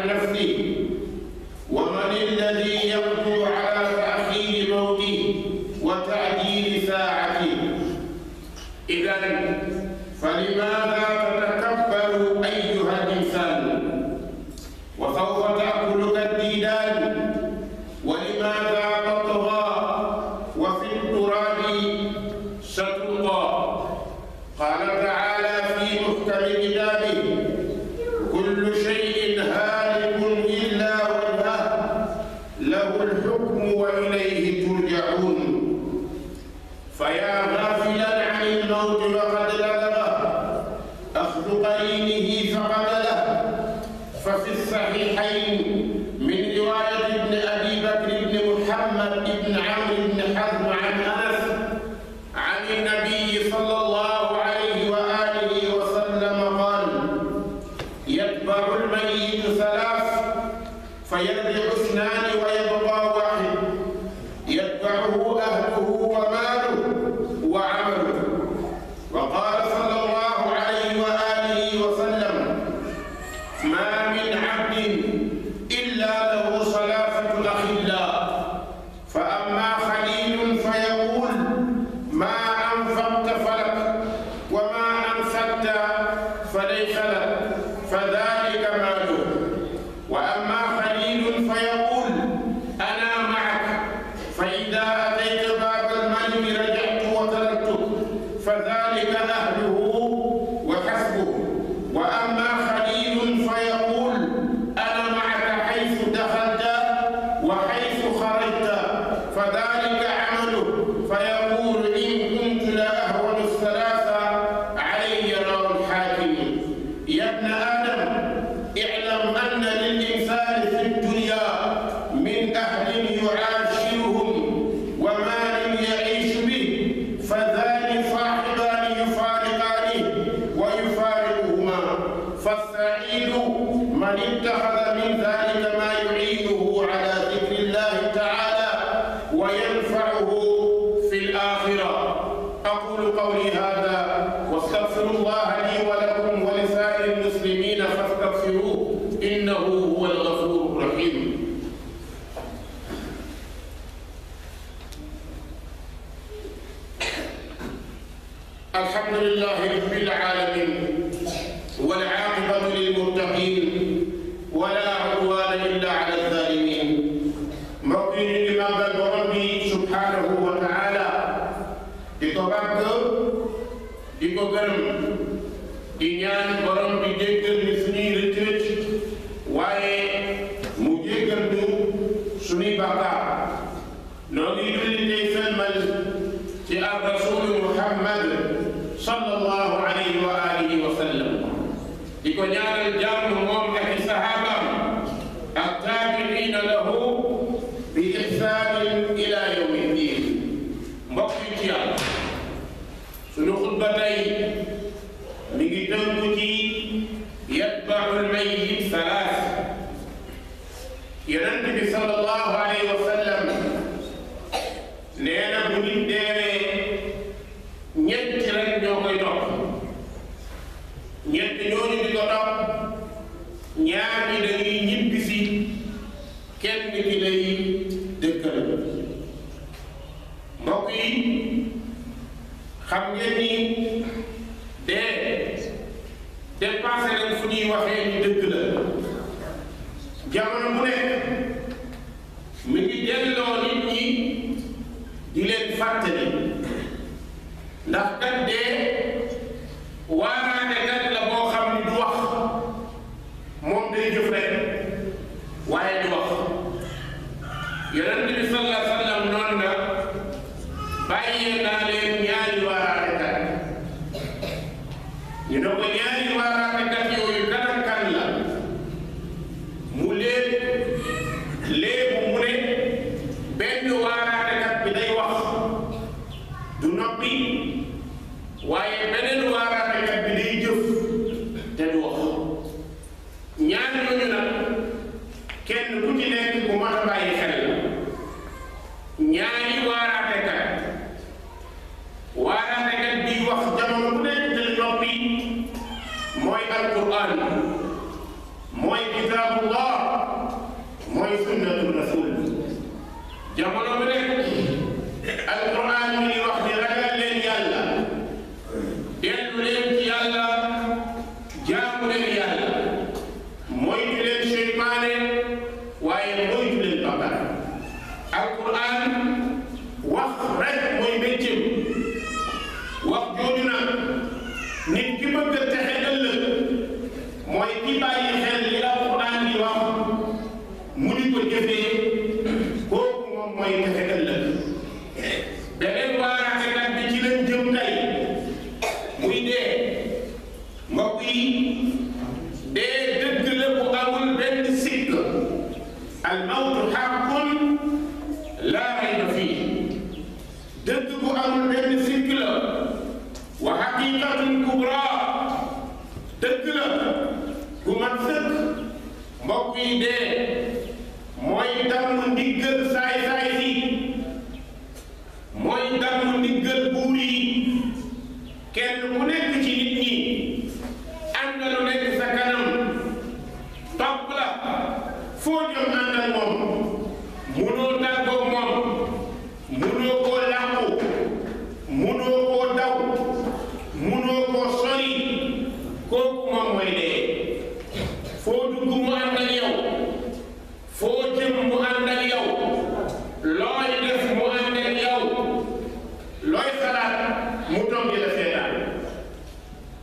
I never see. man ittaxada min dalika ma yuiinuhu ala ñaanal jàmm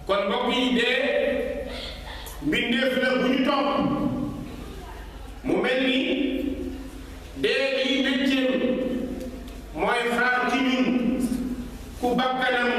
kon mbokk yi dee mbindeef la bu mu mel ni dee lii mooy faar ci ku bakkanam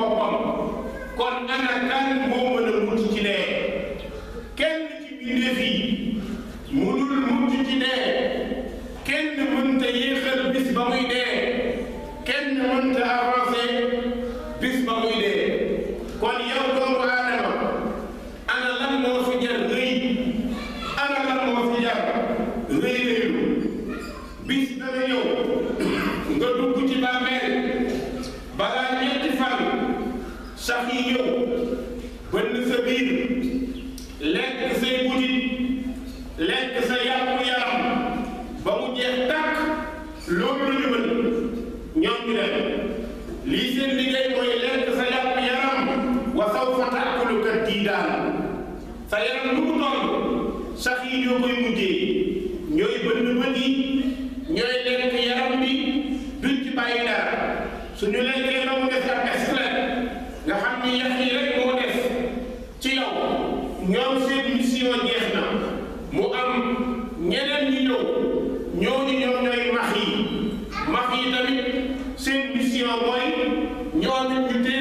boppam kon ana kan moo mën a mucc ci ñeneen ñu ñëw ñooñu ñoom ñooy max yi max yi seen mission mooy ñooñu ñu tee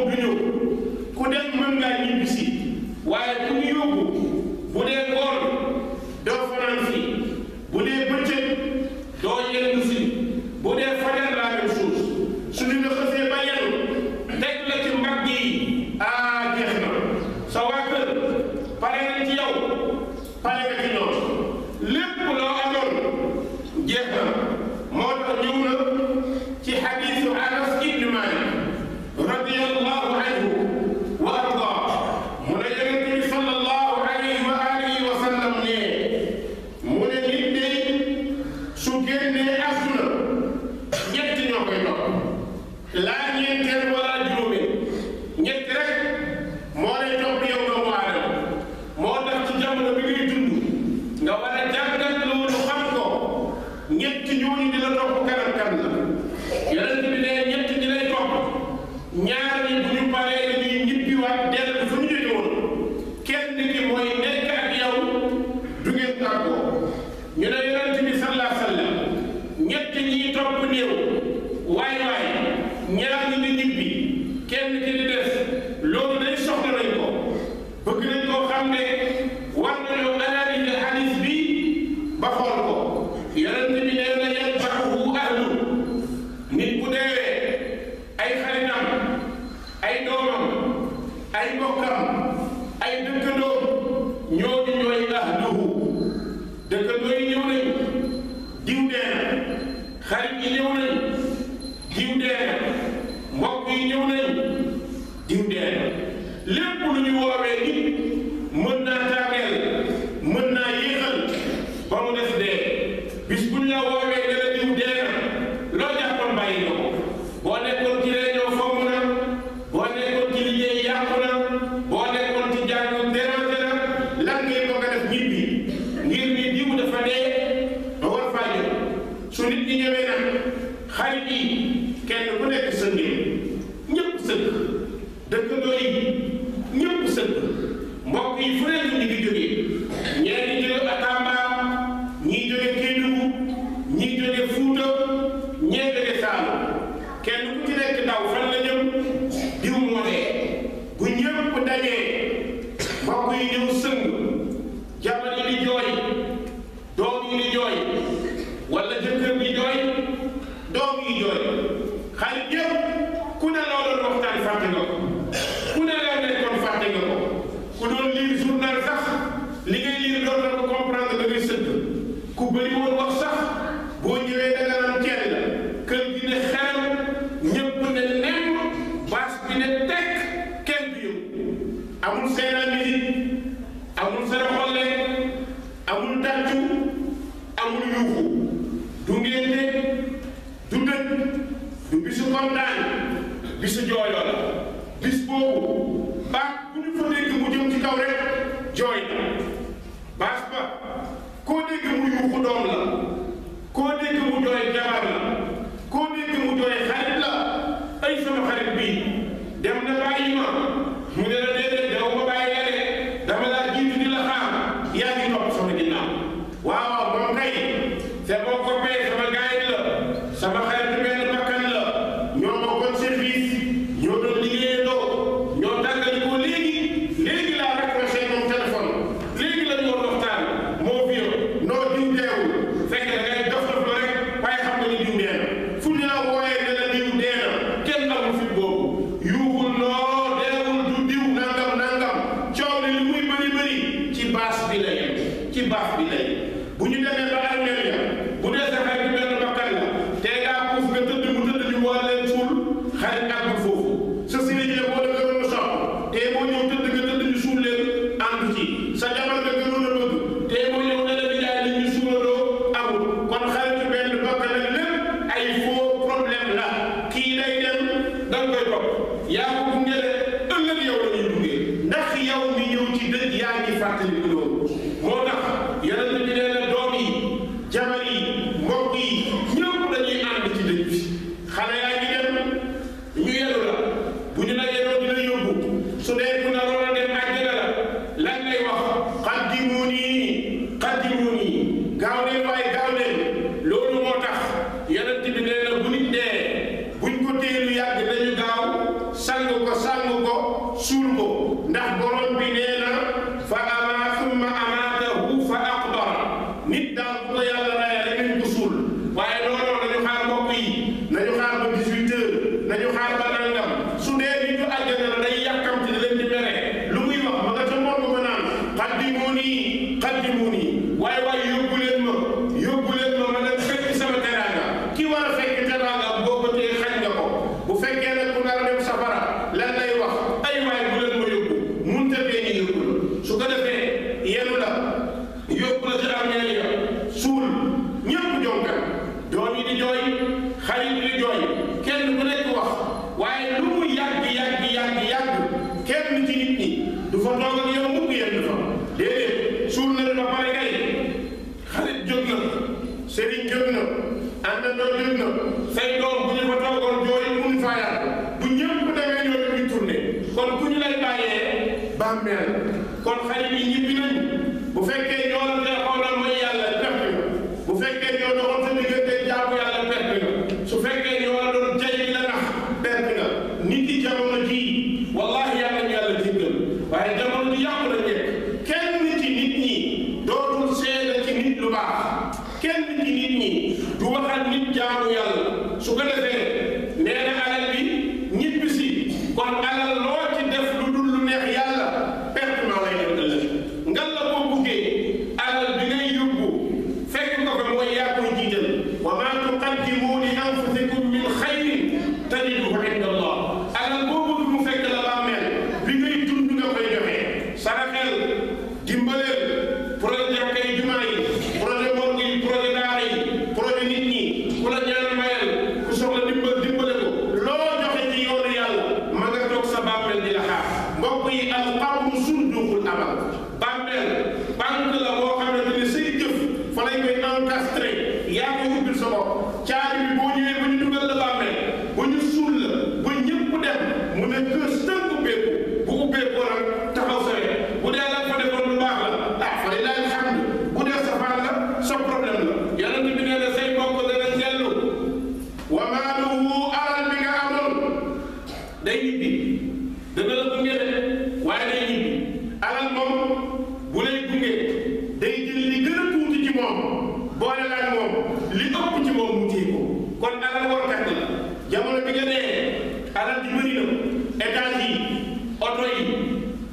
moom ku dem mën ngaa ñibbisi waaye ku ñu ñu ne yonent bi sallallahu alayhi wa sallam ñett ñiy topp néew waay waay ñaar ñi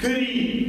kër yi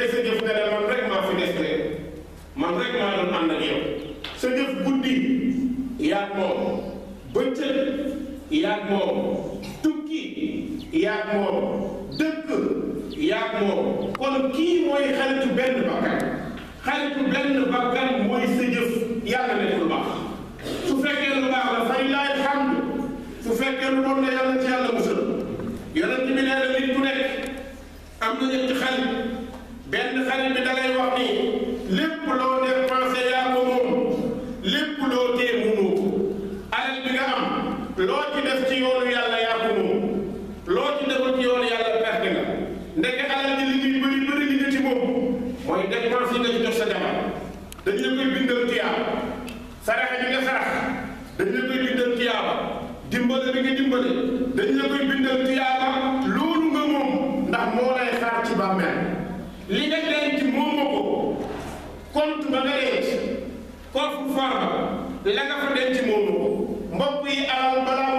defee sa jëf nga ne man rek maa fi des rek man rek maa doon ànd ak yow sa jëf guddi yaag moom bëccëg yaag moom tukki yaag moom dëkk yaag moom kon kii mooy xaritu benn bakkan xaritu benn bakkan mooy sa jëf yàlla ne lu baax su fekkee lu baax la fay laay xam su fekkee lu bon la yàlla ci yàlla musal yonent bi nee na nit ku nekk am na ñetti xarit benn xarit bi da lay wax ni lépp loo def la nga fa denc moomu mbokk yi alal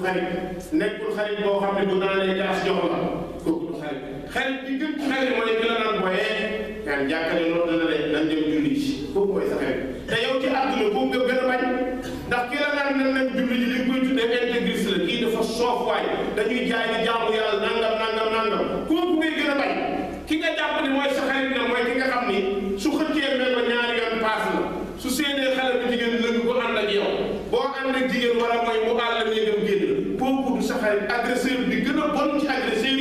nekkul xarit nekkul xarit boo xam ne bu naanee kaas jox la kooku du xarit xarit bi gën xarit mooy ki la naan booyee ngaan jàkkale loolu dana ne nan dem julli ji kooku mooy sa xarit te yow ci àdduna kooku nga gën a bañ ndax ki la naan nan dem julli ji li nga koy tuddee intégriste la kii dafa soof waay dañuy jaay di jaamu yàlla nangam nangam nangam kooku ngay gën a bañ ki nga jàpp ne mooy sa xarit na mooy ki nga xam ni su xëccee mel ba ñaari yoon paas na su séenee xale bu jigéen lëngu ko ànd ak yow boo ànd ak jigéen wala mooy Moussa Faye agresseur bi gën a bon ci agresseur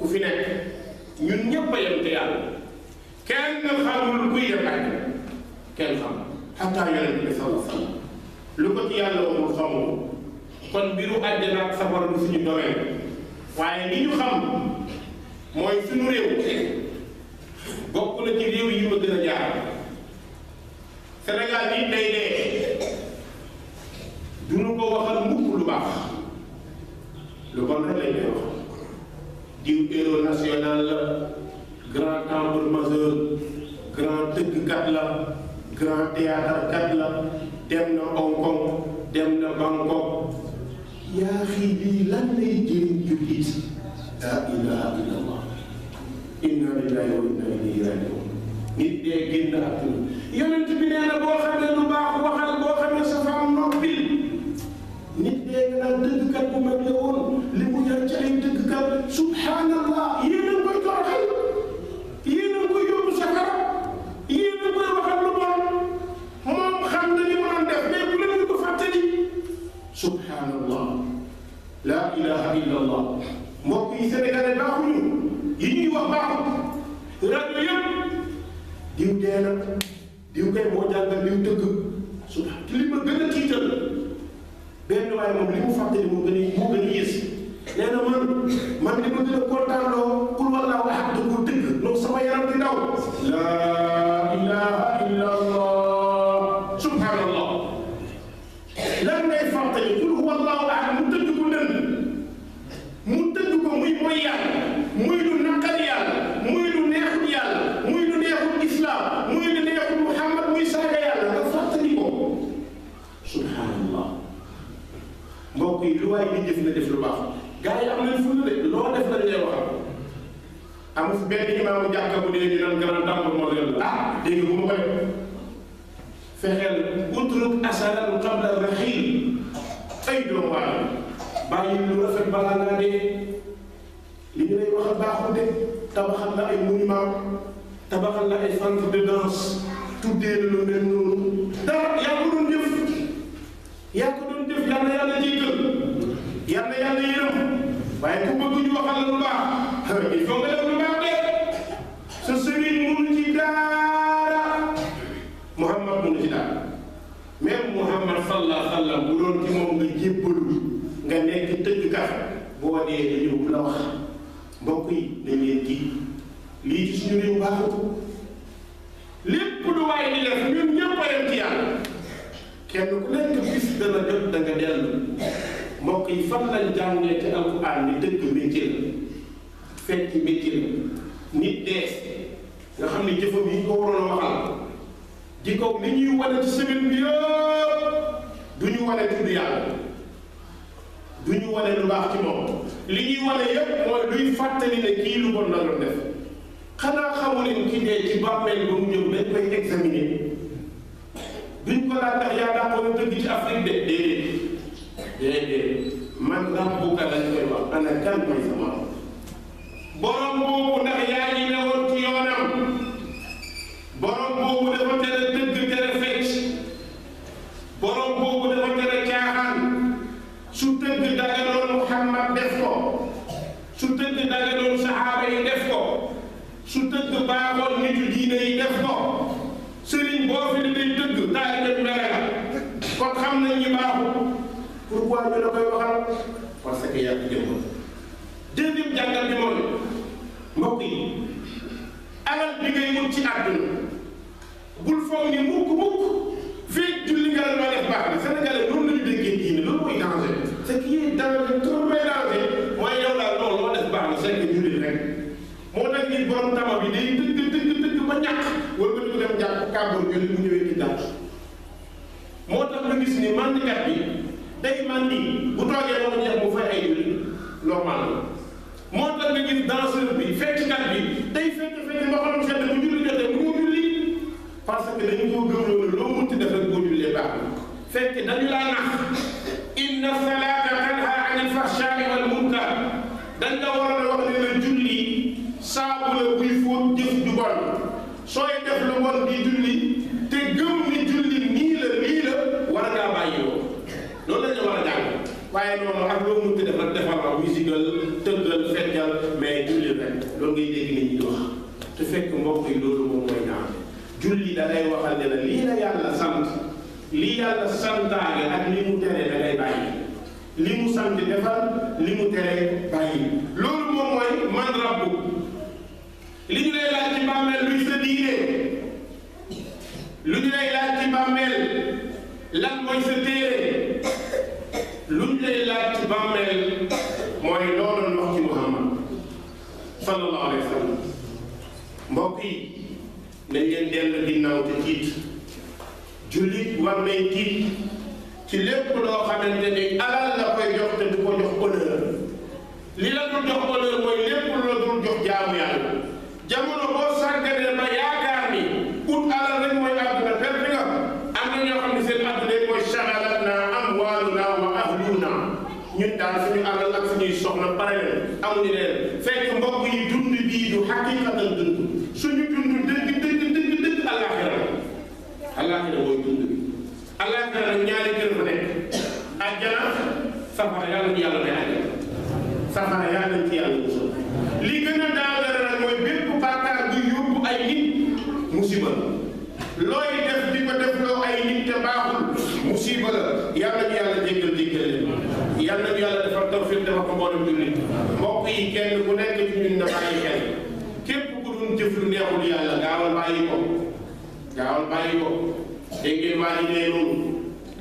ku fi nekk ñun ñëpp a te yàlla kenn xamul kuy yem ak kenn xam xataa yonent bi sallallahu alayhi wa lu ko ci yàlla waxul xamoo kon mbiru àjjana ak safara du suñu domaine waaye li ñu xam mooy suñu réew bokk na ci réew yi ma gën a jaar Sénégal yi day dee duñu ko waxal mukk lu baax lu bon rek lañ koy wax diw héros national la grand tambour majeur grand tëggkat la grand théâtre kat la dem na Hong Kong dem na Bangkok yaa xii lii lan lay jëriñ jullit la ilaha illallah inna lillahi wa inna ilayhi rajiun nit dee génn àdduna yonent bi nee na boo xam ne lu baax waxal boo xam ne léegi naan dëggkat bu mag li mu yor ci ay dëggkat subhanallah yéen a ngi koy toroxal yéen a ngi koy yóbbu sa kër yéen a ngi koy waxal lu bon moom xam na li mu doon def mais bu leen ko fàttali subhanallah la ilaha illallah mbokk yi sénégalais baaxuñu yi ñuy wax baaxul rajo yëpp diw dee na diw kay moo jàngal diw dëgg. moom li mu fàttali moo gën a moo gën a yées nee na man man li ma gën a kontaanloo kul wallaahu ahad dëgg sama yaram di daw li ñu lay waxal baaxul de tabaxal la ay monument tabaxal la ay centre de danse tuddee lu mel noonu dara yaa ko doon jëf yaa ko doon jëf yàlla yàlla jéggal yàlla yàlla yërëm waaye ku bëgg ñu waxal la lu baax il faut nga def lu baax de sa sëriñ mënu ci dara Muhammad mënu ci dara même Muhammad sallallahu alayhi bu doon ci moom nga jébbalu nga nekk tëj kat boo dee ne yiw la wax mbokk yi dañ leen ji lii ci suñu réew baaxut lépp lu waay di def ñun ñëpp a yem kenn ku nekk bis dana jot da nga dellu mbokk yi fan lañ jàngee ci alquran ni dëgg métier la fekk métier nit dees nga xam ne jëfam yi ko waroon a waxal di ko li ñuy wane ci semaine bi yëpp du ñu wane tudd yàlla du ñu wane lu baax ci moom li ñuy wane yépp mooy luy fàttali ne kii lu bon la doon def xanaa xamu leen ki dee ci bàmmeel ba mu ñëw dañ koy examiner duñ ko laaj ndax yaa daa ko dëgg ci Afrique de déedéet déedéet man ràmbuka lañ koy wax ana kan mooy sama yàlla jëm deuxième jàngal bi mooy mbokk yi alal bi ngay wut ci àdduna bul foog ni mukk mukk fii julli nga ma def baax na sénégalais noonu la ñu déggee diine loolu mooy danger ce qui est danger trop mais danger mooy yow daal loolu loo def baax na c'est que julli rek moo tax ni borom tama bi day tëgg tëgg tëgg ba ñàkk wala nga dem jàpp kàmbur julli normal la moo tax nga gis danseur bi fecckat bi day fekk fekk ba xolam sedd bu julli jotee mu julli parce que dañu koo gëmloo ne loo mënti def rek boo jullee baax na fekk dañu laa nax inna salaat bii da ngay waxal ne la la yàlla sant lii yàlla li mu tere da li mu sant defal li mu tere bàyyi loolu moom mooy man rabbu li ñu lay laaj ci bàmmeel luy sa diine lu ñu mooy sa téere lu ñu lay laaj ci mooy loolu wax ci Muhammad sallallahu alayhi wa sallam mbokk yi nañ leen dellu ginnaaw te tiit jullit war nay tiit ci lépp loo xamante ne alal la koy jox te du ko jox honneur li la dul jox honneur mooy lépp la dul jox jaamu yàlla jamono safara yaa nañ ci yàlla musal li gën a daangare nag mooy bépp bàkkaar bu yóbbu ay nit musiba looy def di ko def loo ay nit musiba la yàlla ñu yàlla jéggal jéggal leen yàlla ñu yàlla defal tawfiq dafa ko mboolem jullit mbokk yi kenn ku nekk ci ñun na bàyyi xel képp ku doon jëf lu neexul gaawal bàyyi ko gaawal bàyyi ko dégg ngeen waa ji nee noonu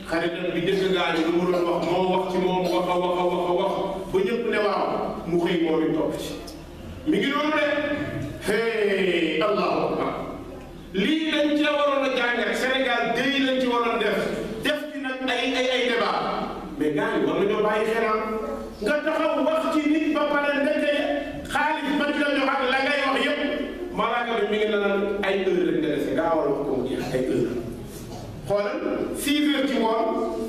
xaritam bi dëkk gaañu lu mu doon wax wax ci moom wax a wax a wax topp mi ngi noonu de hey allahu akbar lii lañ ci la waroon a jàngale Sénégal déy lañ ci waroon a def def ci nag ay ay ay débat mais gars yi war nañoo bàyyi xelam ah. nga taxaw wax nit ba pare ndeke xaalis ba ci la ñu wax la ngay wax bi mi ngi naan ay heure rek nga war a wax ko mu jeex ay heure xoolal six heures ci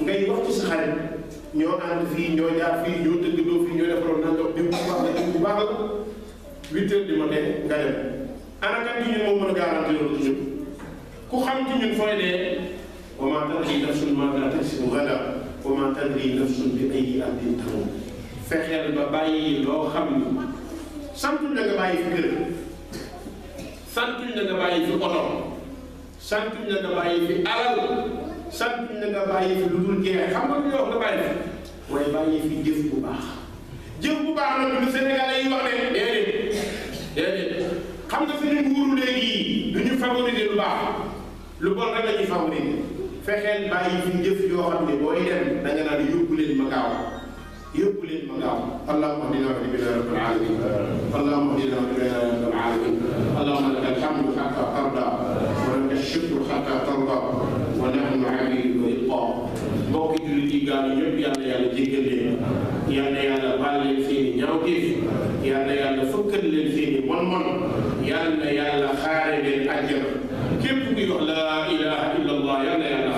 ngay wax sa xarit ñoo ànd fii ñoo jaar fii ñoo tëggandoo fii ñoo defaroon naan dox diw bu baax la diw bu baax la huit heures nga dem ana kan ci ñun moo mën a garanti loolu ci ñun ku xam ci ñun fooy dee wa maa tadri nafsun maadaa taksibu gadan wa maa tadri nafsun bi ayyi ardin tamuut fexeel ba bàyyi loo xam ni santuñ la nga fi kër santuñ la nga bàyyi fi oto santuñ la nga bàyyi fi alal sant na nga bàyyi fi lu dul jeex xam nga lu ñuy wax nga bàyyi fi waaye bàyyi jëf bu baax jëf bu baax nag yi wax ne déedéet déedéet xam nga nguuru léegi du ñu favoriser lu baax lu bon rek la ñuy favoriser fexeel bàyyi fi jëf yoo xam ne booy dem da nga naan yóbbu leen ma gaaw yóbbu leen ma gaaw allahumma hdina fi billaahi rabbil alamin allahumma hdina fi billaahi rabbil alamin allahumma lakal hamdu hatta gaañu ñëpp yal na yàlla jéggal leen yal na yàlla baal leen seeni ñaawteef yal na yàlla fëkkal leen seeni mon-mon yal na yàlla xaare leen àjjana képp kuy wax laa ilaha illa allah yal na yàlla